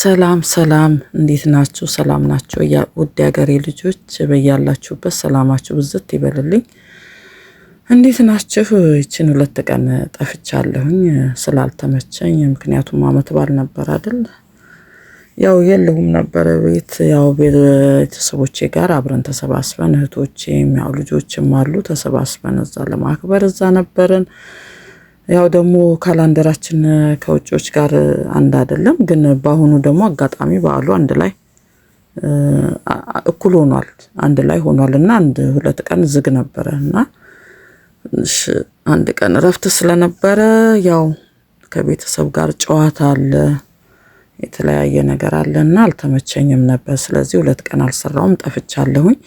ሰላም ሰላም፣ እንዴት ናችሁ? ሰላም ናችሁ? ውድ ሀገሬ ልጆች በያላችሁበት ሰላማችሁ ብዝት ይበልልኝ። እንዴት ናችሁ? ይችን ሁለት ቀን ጠፍቻለሁኝ ስላልተመቸኝ፣ ምክንያቱም አመት ባል ነበር አይደል? ያው የለሁም ነበረ ቤት። ያው ቤተሰቦቼ ጋር አብረን ተሰባስበን እህቶቼም ያው ልጆችም አሉ ተሰባስበን እዛ ለማክበር እዛ ነበርን። ያው ደግሞ ካላንደራችን ከውጭዎች ጋር አንድ አይደለም፣ ግን በአሁኑ ደግሞ አጋጣሚ በዓሉ አንድ ላይ እኩል ሆኗል፣ አንድ ላይ ሆኗል እና አንድ ሁለት ቀን ዝግ ነበረ እና አንድ ቀን እረፍት ስለነበረ ያው ከቤተሰብ ጋር ጨዋታ አለ፣ የተለያየ ነገር አለ እና አልተመቸኝም ነበር። ስለዚህ ሁለት ቀን አልሰራውም፣ ጠፍቻለሁኝ።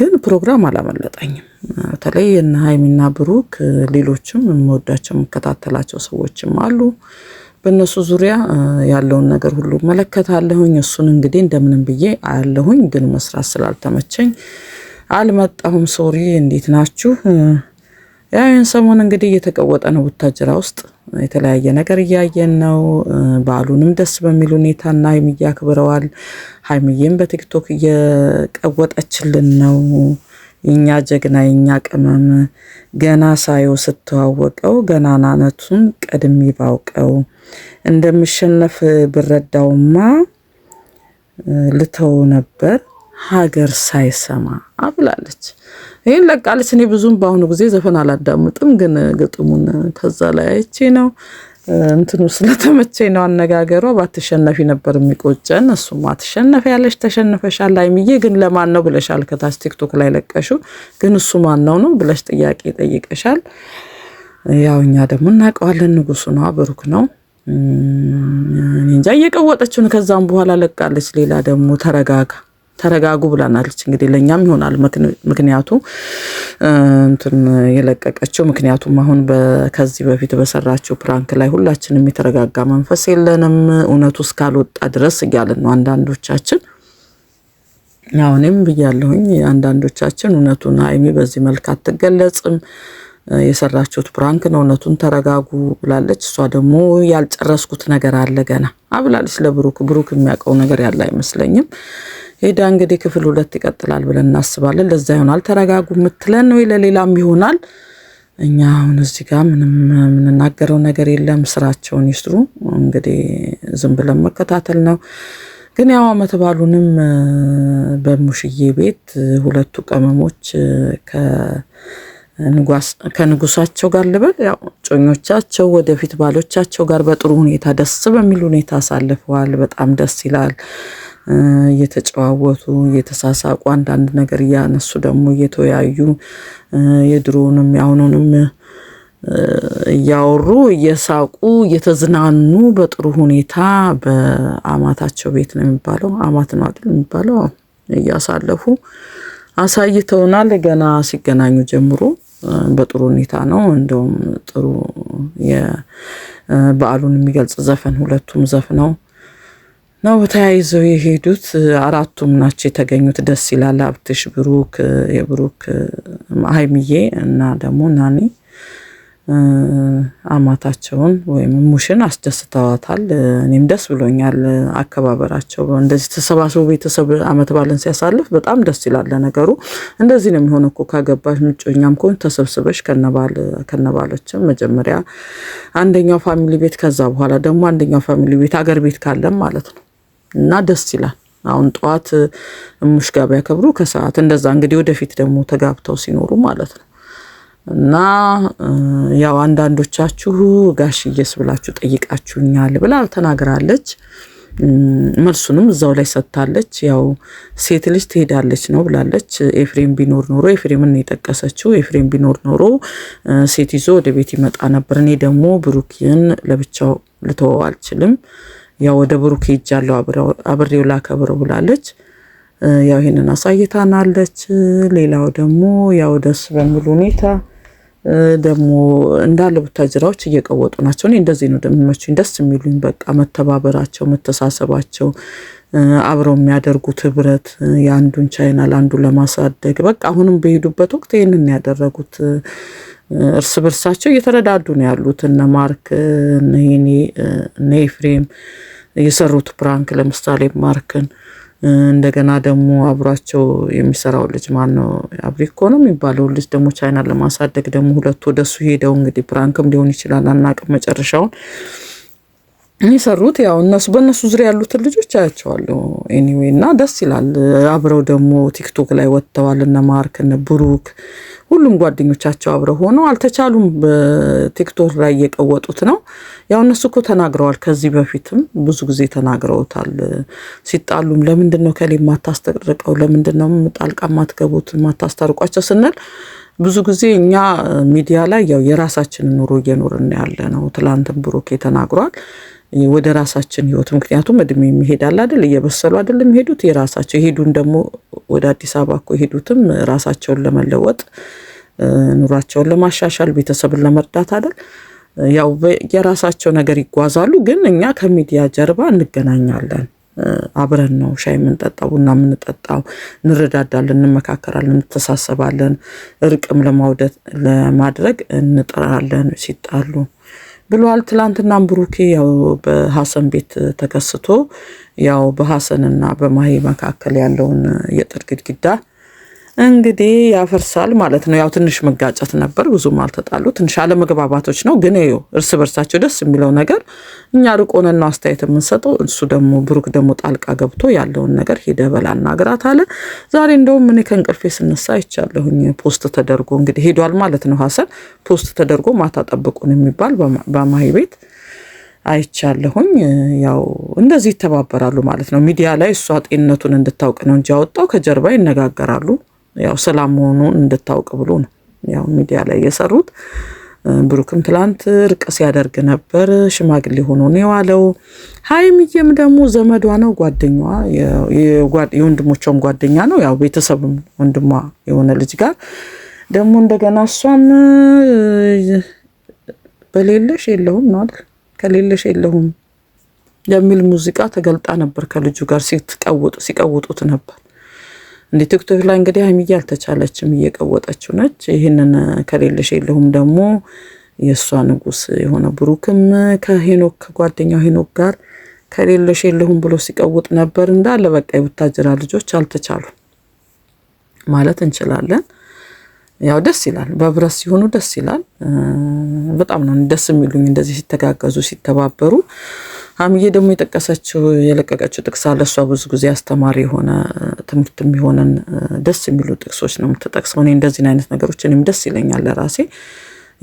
ግን ፕሮግራም አላመለጠኝም። በተለይ እነ ሀይሚና ብሩክ፣ ሌሎችም የምወዳቸው የምከታተላቸው ሰዎችም አሉ። በእነሱ ዙሪያ ያለውን ነገር ሁሉ እመለከታለሁኝ። እሱን እንግዲህ እንደምንም ብዬ አያለሁኝ። ግን መስራት ስላልተመቸኝ አልመጣሁም። ሶሪ። እንዴት ናችሁ? ያዩን ሰሞን እንግዲህ እየተቀወጠ ነው። ቡታጅራ ውስጥ የተለያየ ነገር እያየን ነው። በዓሉንም ደስ በሚል ሁኔታና ሀይምዬ አክብረዋል። ሀይምዬም በቲክቶክ እየቀወጠችልን ነው። የኛ ጀግና የኛ ቅመም ገና ሳየው ስተዋወቀው ገናናነቱን ቀድሜ ባውቀው እንደምሸነፍ ብረዳውማ ልተው ነበር ሀገር ሳይሰማ አብላለች። ይህን ለቃለች። እኔ ብዙም በአሁኑ ጊዜ ዘፈን አላዳምጥም፣ ግን ግጥሙን ከዛ ላይ አይቼ ነው እንትኑ ስለተመቸኝ ነው። አነጋገሯ ባትሸነፊ ነበር የሚቆጨን። እሱማ ትሸነፈ ያለሽ ተሸንፈሻል። ሀይሚዬ ግን ለማን ነው ብለሻል? ከታች ቲክቶክ ላይ ለቀሹ። ግን እሱ ማን ነው ነው ብለሽ ጥያቄ ጠይቀሻል። ያው እኛ ደግሞ እናውቀዋለን። ንጉሱ ነው፣ ብሩክ ነው እንጃ እየቀወጠችውን። ከዛም በኋላ ለቃለች። ሌላ ደግሞ ተረጋጋ ተረጋጉ ብላናለች። እንግዲህ ለእኛም ይሆናል ምክንያቱ እንትን የለቀቀችው ምክንያቱም አሁን ከዚህ በፊት በሰራችው ፕራንክ ላይ ሁላችንም የተረጋጋ መንፈስ የለንም እውነቱ እስካልወጣ ድረስ እያለን ነው አንዳንዶቻችን አሁንም ብያለሁኝ። አንዳንዶቻችን እውነቱን ሀይሚ በዚህ መልክ አትገለጽም፣ የሰራችሁት ፕራንክ ነው፣ እውነቱን ተረጋጉ ብላለች። እሷ ደግሞ ያልጨረስኩት ነገር አለ ገና አብላለች ለብሩክ። ብሩክ የሚያውቀው ነገር ያለ አይመስለኝም። ሄዳ እንግዲህ ክፍል ሁለት ይቀጥላል ብለን እናስባለን። ለዛ ይሆናል ተረጋጉ የምትለን ወይ ለሌላም ይሆናል። እኛ አሁን እዚህ ጋር ምንም የምንናገረው ነገር የለም። ስራቸውን ይስሩ እንግዲህ ዝም ብለን መከታተል ነው። ግን ያው አመት ባሉንም በሙሽዬ ቤት ሁለቱ ቅመሞች ከንጉሳቸው ጋር ልበል ያው ጮኞቻቸው ወደፊት ባሎቻቸው ጋር በጥሩ ሁኔታ ደስ በሚል ሁኔታ አሳልፈዋል። በጣም ደስ ይላል። እየተጨዋወቱ እየተሳሳቁ አንዳንድ ነገር እያነሱ ደግሞ እየተወያዩ የድሮውንም የአሁኑንም እያወሩ እየሳቁ እየተዝናኑ በጥሩ ሁኔታ በአማታቸው ቤት ነው የሚባለው፣ አማት ነው አይደል የሚባለው፣ እያሳለፉ አሳይተውናል። ገና ሲገናኙ ጀምሮ በጥሩ ሁኔታ ነው። እንደውም ጥሩ በዓሉን የሚገልጽ ዘፈን ሁለቱም ዘፍነው ነው ተያይዘው የሄዱት። አራቱም ናቸው የተገኙት። ደስ ይላል። አብትሽ፣ ብሩክ፣ የብሩክ ሀይሚዬ እና ደግሞ ናኒ አማታቸውን ወይም ሙሽን አስደስተዋታል። እኔም ደስ ብሎኛል አከባበራቸው። እንደዚህ ተሰባስቡ ቤተሰብ አመት ባለን ሲያሳልፍ በጣም ደስ ይላል። ለነገሩ እንደዚህ ነው የሚሆነ እኮ ካገባሽ ምጮኛም ከሆን ተሰብስበሽ ከነባሎችም መጀመሪያ አንደኛው ፋሚሊ ቤት፣ ከዛ በኋላ ደግሞ አንደኛው ፋሚሊ ቤት አገር ቤት ካለም ማለት ነው እና ደስ ይላል። አሁን ጠዋት እሙሽ ጋር ቢያከብሩ ከሰዓት እንደዛ እንግዲህ ወደፊት ደግሞ ተጋብተው ሲኖሩ ማለት ነው። እና ያው አንዳንዶቻችሁ ጋሽዬስ ብላችሁ ጠይቃችሁኛል ብላ ተናግራለች። መልሱንም እዛው ላይ ሰጥታለች። ያው ሴት ልጅ ትሄዳለች ነው ብላለች። ኤፍሬም ቢኖር ኖሮ ኤፍሬምን የጠቀሰችው ኤፍሬም ቢኖር ኖሮ ሴት ይዞ ወደ ቤት ይመጣ ነበር። እኔ ደግሞ ብሩክን ለብቻው ልተወው አልችልም ያው ወደ ብሩክ ሄጃለሁ አብሬው ላከብረው ብላለች። ያው ይሄንን አሳይታናለች። ሌላው ደግሞ ያው ደስ በሚል ሁኔታ ደግሞ እንዳለ ቡታጅራዎች እየቀወጡ ናቸው። እኔ እንደዚህ ነው የሚመቹኝ፣ ደስ የሚሉኝ በቃ መተባበራቸው፣ መተሳሰባቸው፣ አብረው የሚያደርጉት ህብረት፣ የአንዱን ቻይና ለአንዱ ለማሳደግ በቃ አሁንም በሄዱበት ወቅት ይህንን ያደረጉት እርስ በርሳቸው እየተረዳዱ ነው ያሉት። እነ ማርክ እነ ኤፍሬም የሰሩት ፕራንክ ለምሳሌ ማርክን እንደገና ደግሞ አብሯቸው የሚሰራው ልጅ ማን ነው? አብሪኮ ነው የሚባለው ልጅ ደግሞ ቻይና ለማሳደግ ደግሞ ሁለቱ ወደሱ ሄደው እንግዲህ ፕራንክም ሊሆን ይችላል አናቅም መጨረሻውን የሰሩት ያው እነሱ በእነሱ ዙሪያ ያሉትን ልጆች አያቸዋለሁ። ኤኒዌይ እና ደስ ይላል። አብረው ደግሞ ቲክቶክ ላይ ወጥተዋል። እነ ማርክ እነ ብሩክ ሁሉም ጓደኞቻቸው አብረው ሆነው አልተቻሉም። በቲክቶክ ላይ እየቀወጡት ነው። ያው እነሱ እኮ ተናግረዋል። ከዚህ በፊትም ብዙ ጊዜ ተናግረውታል። ሲጣሉም ለምንድን ነው ከሌ ማታስጠርቀው? ለምንድን ነው ጣልቃ ማትገቡት ማታስታርቋቸው? ስንል ብዙ ጊዜ እኛ ሚዲያ ላይ ያው የራሳችንን ኑሮ እየኖርን ያለ ነው። ትላንትን ብሩክ ተናግሯል። ወደ ራሳችን ህይወት ምክንያቱም እድሜ የሚሄዳል አይደል? እየበሰሉ አይደል የሚሄዱት የራሳቸው የሄዱን ደግሞ ወደ አዲስ አበባ እኮ የሄዱትም ራሳቸውን ለመለወጥ ኑሯቸውን ለማሻሻል ቤተሰብን ለመርዳት አይደል? ያው የራሳቸው ነገር ይጓዛሉ። ግን እኛ ከሚዲያ ጀርባ እንገናኛለን። አብረን ነው ሻይ የምንጠጣው፣ ቡና የምንጠጣው፣ እንረዳዳለን፣ እንመካከራለን፣ እንተሳሰባለን፣ እርቅም ለማውደት ለማድረግ እንጥራለን ሲጣሉ ብለዋል። ትላንትና ብሩኬ ያው በሀሰን ቤት ተከስቶ ያው በሀሰንና በማሄ መካከል ያለውን የጥል ግድግዳ እንግዲህ ያፈርሳል ማለት ነው። ያው ትንሽ መጋጨት ነበር፣ ብዙም አልተጣሉ፣ ትንሽ አለመግባባቶች ነው። ግን ዩ እርስ በርሳቸው ደስ የሚለው ነገር እኛ ርቅ ነው አስተያየት የምንሰጠው። እሱ ደግሞ ብሩክ ደግሞ ጣልቃ ገብቶ ያለውን ነገር ሄደ በላ እናግራት አለ። ዛሬ እንደውም እኔ ከእንቅልፌ ስነሳ አይቻለሁኝ። ፖስት ተደርጎ እንግዲህ ሄዷል ማለት ነው። ሀሰን ፖስት ተደርጎ ማታ ጠብቁን የሚባል በማሂ ቤት አይቻለሁኝ ያው እንደዚህ ይተባበራሉ ማለት ነው። ሚዲያ ላይ እሷ ጤንነቱን እንድታውቅ ነው እንጂ ያወጣው ከጀርባ ይነጋገራሉ። ያው ሰላም መሆኑን እንድታውቅ ብሎ ነው ያው ሚዲያ ላይ የሰሩት። ብሩክም ትላንት እርቅ ሲያደርግ ነበር። ሽማግሌ ሆኖ ነው የዋለው። ሀይሚዬም ደግሞ ዘመዷ ነው ጓደኛዋ፣ የወንድሞቿም ጓደኛ ነው ያው ቤተሰብም ወንድሟ የሆነ ልጅ ጋር ደግሞ እንደገና እሷም በሌለሽ የለሁም ነው አይደል? ከሌለሽ የለሁም የሚል ሙዚቃ ተገልጣ ነበር ከልጁ ጋር ሲቀውጡት ነበር። እንደ ቲክቶክ ላይ እንግዲህ ሀይሚዬ አልተቻለችም፣ እየቀወጠችው ነች። ይህንን ከሌለሽ የለሁም ደግሞ የእሷ ንጉስ የሆነ ብሩክም ከሄኖክ ከጓደኛው ሄኖክ ጋር ከሌለሽ የለሁም ብሎ ሲቀውጥ ነበር። እንዳለ በቃ የቡታጅራ ልጆች አልተቻሉ ማለት እንችላለን። ያው ደስ ይላል፣ በህብረት ሲሆኑ ደስ ይላል። በጣም ነው ደስ የሚሉኝ እንደዚህ ሲተጋገዙ ሲተባበሩ ሀምዬ ደግሞ የጠቀሰችው የለቀቀችው ጥቅስ አለ። እሷ ብዙ ጊዜ አስተማሪ የሆነ ትምህርት የሚሆነን ደስ የሚሉ ጥቅሶች ነው የምትጠቅሰው። እኔ አይነት ነገሮች እኔም ደስ ይለኛል ለራሴ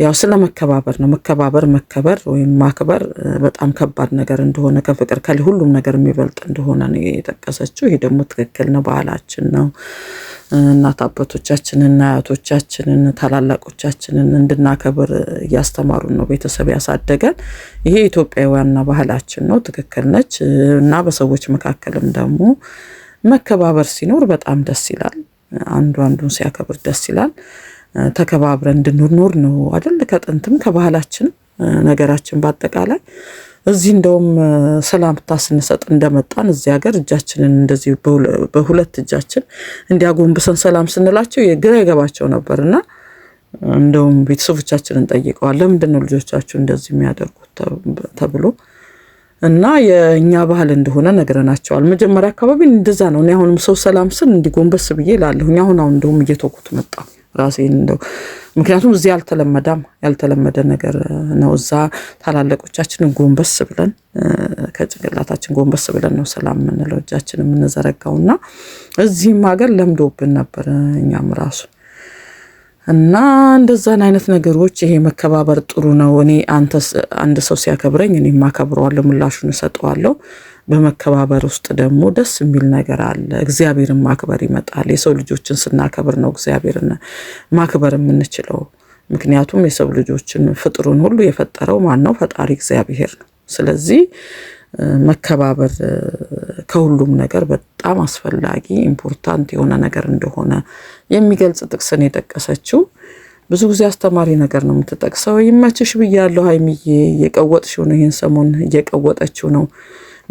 ያው ስለ መከባበር ነው። መከባበር መከበር ወይም ማክበር በጣም ከባድ ነገር እንደሆነ ከፍቅር ከሊ ሁሉም ነገር የሚበልጥ እንደሆነ ነው የጠቀሰችው። ይሄ ደግሞ ትክክል ነው። ባህላችን ነው። እናት አባቶቻችንን፣ አያቶቻችንን፣ ታላላቆቻችንን እንድናከብር እያስተማሩ ነው ቤተሰብ ያሳደገን። ይሄ ኢትዮጵያውያንና ባህላችን ነው። ትክክል ነች። እና በሰዎች መካከልም ደግሞ መከባበር ሲኖር በጣም ደስ ይላል። አንዱ አንዱን ሲያከብር ደስ ይላል። ተከባብረን እንድንኖር ነው አይደል? ከጥንትም ከባህላችን ነገራችን በአጠቃላይ እዚህ እንደውም ሰላምታ ስንሰጥ እንደመጣን እዚህ ሀገር እጃችንን እንደዚህ በሁለት እጃችን እንዲያጎንብሰን ሰላም ስንላቸው ግራ ይገባቸው ነበር እና እንደውም ቤተሰቦቻችንን ጠይቀዋል። ለምንድነው ነው ልጆቻችሁ እንደዚህ የሚያደርጉት ተብሎ እና የእኛ ባህል እንደሆነ ነግረናቸዋል። መጀመሪያ አካባቢ እንደዛ ነው። እኔ አሁንም ሰው ሰላም ስል እንዲጎንበስ ብዬ ላለሁ። አሁን አሁን እንደውም እየተውኩት መጣ። ራሴን እንደው ምክንያቱም እዚህ ያልተለመዳም ያልተለመደ ነገር ነው። እዛ ታላለቆቻችንን ጎንበስ ብለን ከጭንቅላታችን ጎንበስ ብለን ነው ሰላም የምንለው እጃችን የምንዘረጋው እና እዚህም ሀገር ለምዶብን ነበር እኛም ራሱ እና እንደዛን አይነት ነገሮች ይሄ መከባበር ጥሩ ነው። እኔ አንድ ሰው ሲያከብረኝ እኔም አከብረዋለሁ፣ ምላሹን እሰጠዋለሁ። በመከባበር ውስጥ ደግሞ ደስ የሚል ነገር አለ። እግዚአብሔርን ማክበር ይመጣል። የሰው ልጆችን ስናከብር ነው እግዚአብሔርን ማክበር የምንችለው። ምክንያቱም የሰው ልጆችን ፍጥሩን ሁሉ የፈጠረው ማን ነው? ፈጣሪ እግዚአብሔር ነው። ስለዚህ መከባበር ከሁሉም ነገር በጣም አስፈላጊ ኢምፖርታንት የሆነ ነገር እንደሆነ የሚገልጽ ጥቅስን የጠቀሰችው ብዙ ጊዜ አስተማሪ ነገር ነው የምትጠቅሰው። ይመችሽ ብያለሁ ሀይሚዬ፣ እየቀወጥሽው ነው ይህን ሰሞን እየቀወጠችው ነው።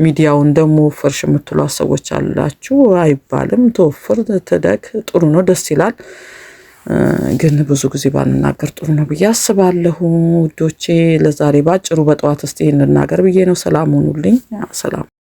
ሚዲያውን ደግሞ ወፈርሽ የምትሏት ሰዎች አላችሁ። አይባልም። ተወፍር ትደግ፣ ጥሩ ነው፣ ደስ ይላል። ግን ብዙ ጊዜ ባንናገር ጥሩ ነው ብዬ አስባለሁ። ውዶቼ፣ ለዛሬ ባጭሩ በጠዋት እስቲ ይህን ልናገር ብዬ ነው። ሰላም ሁኑልኝ። ሰላም